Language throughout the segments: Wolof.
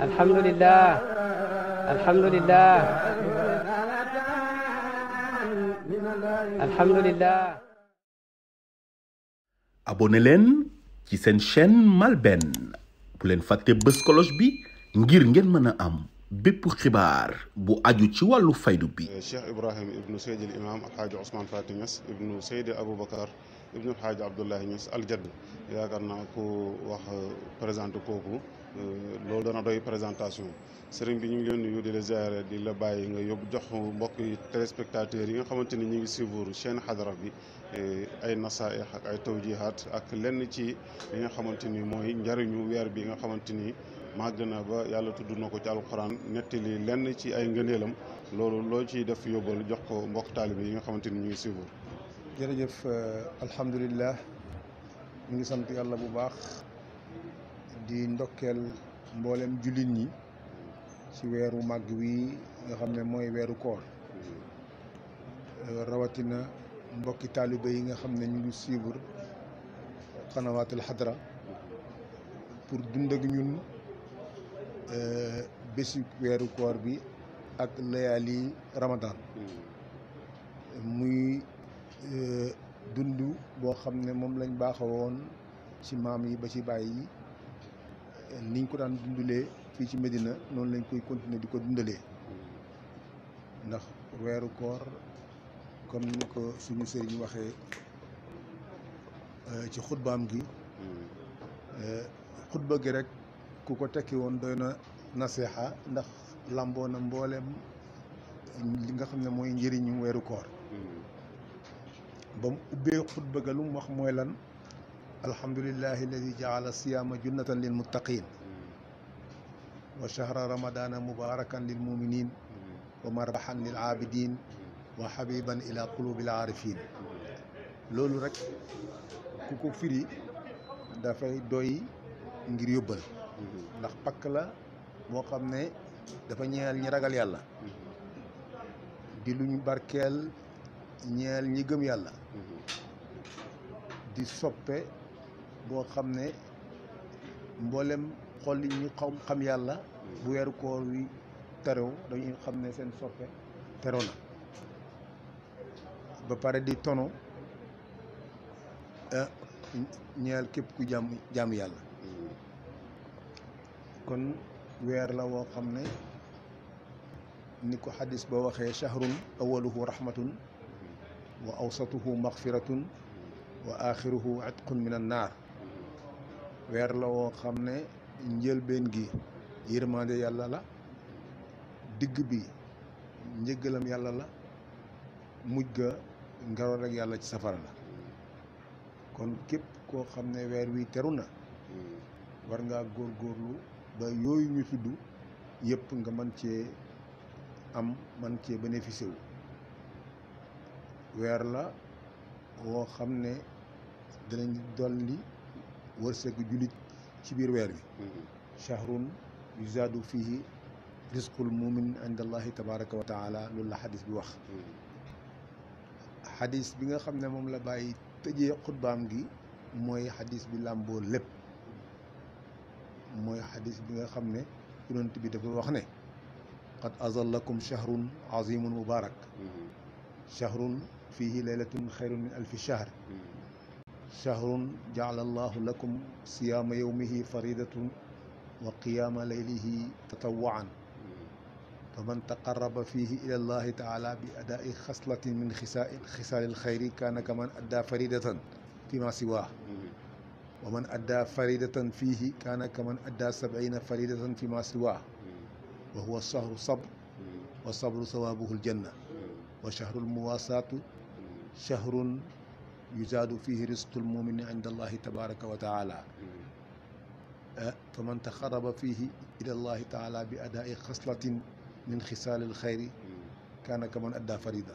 alhamdulillah alhamdulillah alhamdulillah abonné leen ci seen chaîne MALBN bu leen fàtte bës cloche bi ngir ngeen mën a am bépp xibaar bu aju ci wàllu faydu bi eh, cheikh ibrahim ibnu seydi al imam alxaaji ousmane fati ñas ibnu seydi aboubacar ibnu alxaaji abdoulahi ñas aljadd yaakaar naa ko wax eh, présenté kooku eh, loolu dana doy présentation sëriñ bi ñu ngi leen nuyu di la di la bàyyi nga yóbbu jox mbokk yi téléspectateurs yi nga xamante ni ñu ngi suivre chaîne xadara bi ay nasaaix ak ay tawjihaat ak lenn ci li nga xamante ni mooy njariñu weer bi nga xamante ni màgg na ba yàlla tudd na ko ci alxuraan nettali lenn ci ay ngëneelam loolu loo ciy def yóbbal jox ko mbokk taalibe yi nga xamante ni ngi siiwul. jërëjëf euh, alhamdulilah ñu ngi sant yàlla bu baax di ndokkeel mboolem jullit ñi ci weeru màgg wi nga xam ne mooy weeru koor euh, rawatina mbokki taalibe yi nga xam ne ñu ngi siiwul xanawaatul xadra pour dund ak ñun. Euh, bési weeru koor bi ak layaali ramadan hmm. muy euh, dund boo xam ne moom lañ baaxa woon ci maam yi ba ci bàyyi niñ ko daan dundulee fii ci Medina noonu lañ koy continuer di ko dundalee hmm. ndax weeru koor comme ni ko suñu sëriñ waxee euh, ci xutbaam gi hmm. xutba gi rek ku ko tekki woon doy na nasiha ndax lamboo na mbooleem li nga xam ne mooy njëriñu weeru koor mm-hmm. ba ubbee xutba ga lu mu wax mooy lan alhamdulillahi alladi jaala siyaama junnatan lil muttaqin mm-hmm. wa shahra ramadana mubarakan lil muminin mm-hmm. wa marbahan lil abidin wa habiban ila qulubil arifin loolu rek ku ko firi dafay doy ngir yóbbal ndax pakk la boo xam ne dafa ñeel ñi ragal yàlla di luñ barkeel ñeel ñi gëm yàlla di soppe boo xam ne mboolem xol yi ñu xam xam yàlla bu weeru koor wi terew dañuy xam ne seen soppe tero na ba pare di tono eh, ñeel képp ku jàmm jàmm yàlla kon weer la woo xam ne ni ko xadis ba waxee shahrun awaluhu rahmatun wa awsatuhu maxfiratun wa axiruhu itqun min an naar weer la woo xam ne njëlbeen gi yërmande yàlla la digg bi njëggalam yàlla la muj ga ngaroon ak yàlla ci safara la kon képp koo xam ne weer wi teru na hmm. war ngaa góorgóorlu ba yooyu ñu tudd yëpp nga mën cee am man cee bénéficié wu weer la woo xam ne dinañ dolli wërsëgu jullit ci biir weer bi mm-hmm. shahrun yu fihi risqul mumin inda allahi tabaraka wa taala loolu la xadis bi wax mm-hmm. xadis bi nga xam ne moom la bàyyi tëjee xutbaam gi mooy xadis bi làmboo lépp mooy xadis bi nga xam ne yonent bi dafa wax ne qad azallakum shahrun azimun mubarak mm-hmm. shahrun fihi laylatun xayrun min alfi shahr mm-hmm. shahrun jacala allahu lakum siyaama yowmihi faridatun wa qiyaama laylihi tatawaan mm-hmm. fa man taqaraba fihi ila allahi taala bi adaai xaslatin min xisaa xisaali alxayri kaana kaman addaa faridatan fi ma siwaa wa man addaa faridatan fiihi kaana ka man addaa sab'ina faridatan fi ma siwaa wa huwa sahru sabr wa sabru sawaabuhu aljanna wa shahru almuwaasaatu shahrun yuzaadu fiihi risqu almumini inda allahi tabaraka wa taala fa man taxaraba fiihi ila allahi taala bi adaai xaslatin min xisaali alxayri kaana ka man addaa farida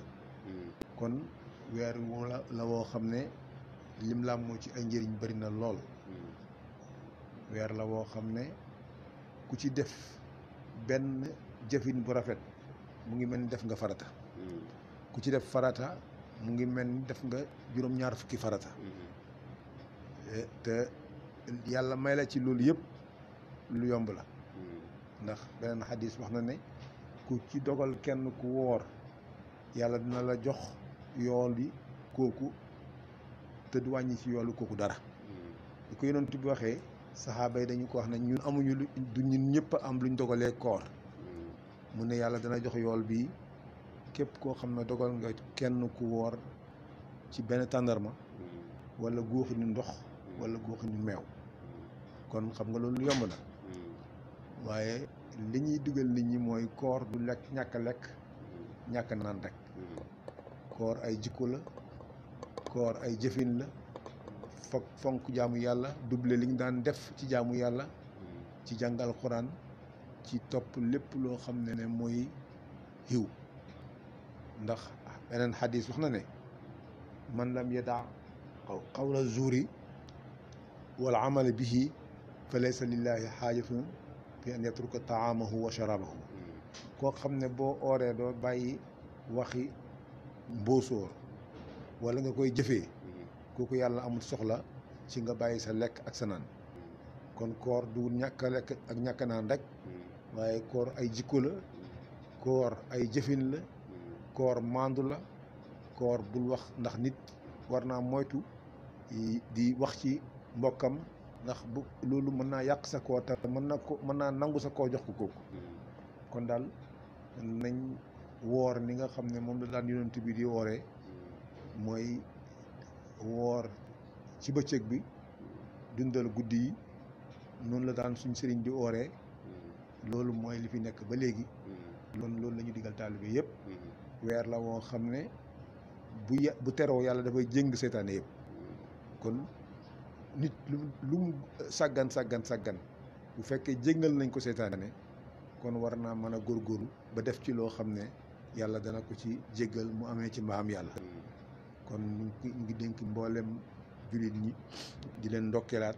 kon weer woo la woo xam ne lim moo ci ay njëriñ bari na lool hmm. weer la woo xam ne ku ci def benn jëfin bu rafet mu ngi mel ni def nga farata hmm. ku ci def farata mu ngi mel ni def nga juróom-ñaar fukki farata hmm. eh, te yàlla may la ci loolu yëpp lu yomb la ndax beneen xadis wax na ne ku ci dogal kenn ku woor yàlla dina la jox yool yi kooku te du wàññi ci yoolu kooku dara li ko yonent bi waxee saxaabay dañu ko wax ne ñun amuñu lu du ñun ñëpp am luñ dogalee koor mu ne yàlla dana jox yool bi képp koo xam ne dogal nga kenn ku woor ci benn tàndarma wala góoxi ndox wala góoxi ni meew kon xam nga loolu yomb na waaye li ñuy digal nit ñi mooy koor du lekk ñàkk lekk ñàkk naan rek koor ay jikko la koor ay jëfin la fokk fonk jaamu yàlla duble li ñu daan def ci jaamu yàlla ci jàngal xuraan ci topp lépp loo xam ne ne mooy xiw ndax beneen xadis wax na ne man lam yadaa qawla zuuri wal amala bihi fa laysa lillahi xaajatun fi an yatruka taamahu wa sharabahu hmm. koo xam ne boo ooree doo bàyyi waxi mbóosóor wala nga koy jëfee mm-hmm. kooku yàlla amul soxla ci nga bàyyi sa lekk ak sa naan mm-hmm. kon koor du ñàkk a lekk ak ñàkk naan rek mm-hmm. waaye koor ay jikko la koor ay jëfin la koor maandu la koor bul wax ndax nit war naa moytu di wax ci mbokkam ndax bu loolu mën naa yàq sa koor te mën na ko mën naa nangu sa koor jox ko kooku kon daal nañ woor ni nga xam ne moom la daan yonent bi di wooree mooy woor ci bëccëg bi dundal guddi yi noonu la daan suñ sëriñ di ooree mm-hmm. loolu mooy li fi nekk ba léegi mm-hmm. loolu loolu la ñu digal yëpp mm-hmm. weer la woo xam ne bu ya bu teroo yàlla dafay jéng seytaane yëpp kon nit lu lu sàggan sàggan sàggan bu fekkee jéngal nañ ko seytaane kon war naa mën a góor góorgóorlu ba def ci loo xam ne yàlla dana ko ci jéggal mu amee ci mbaam yàlla kon ñu ngi dénk mboolem jullit ñi di leen ndokkeelaat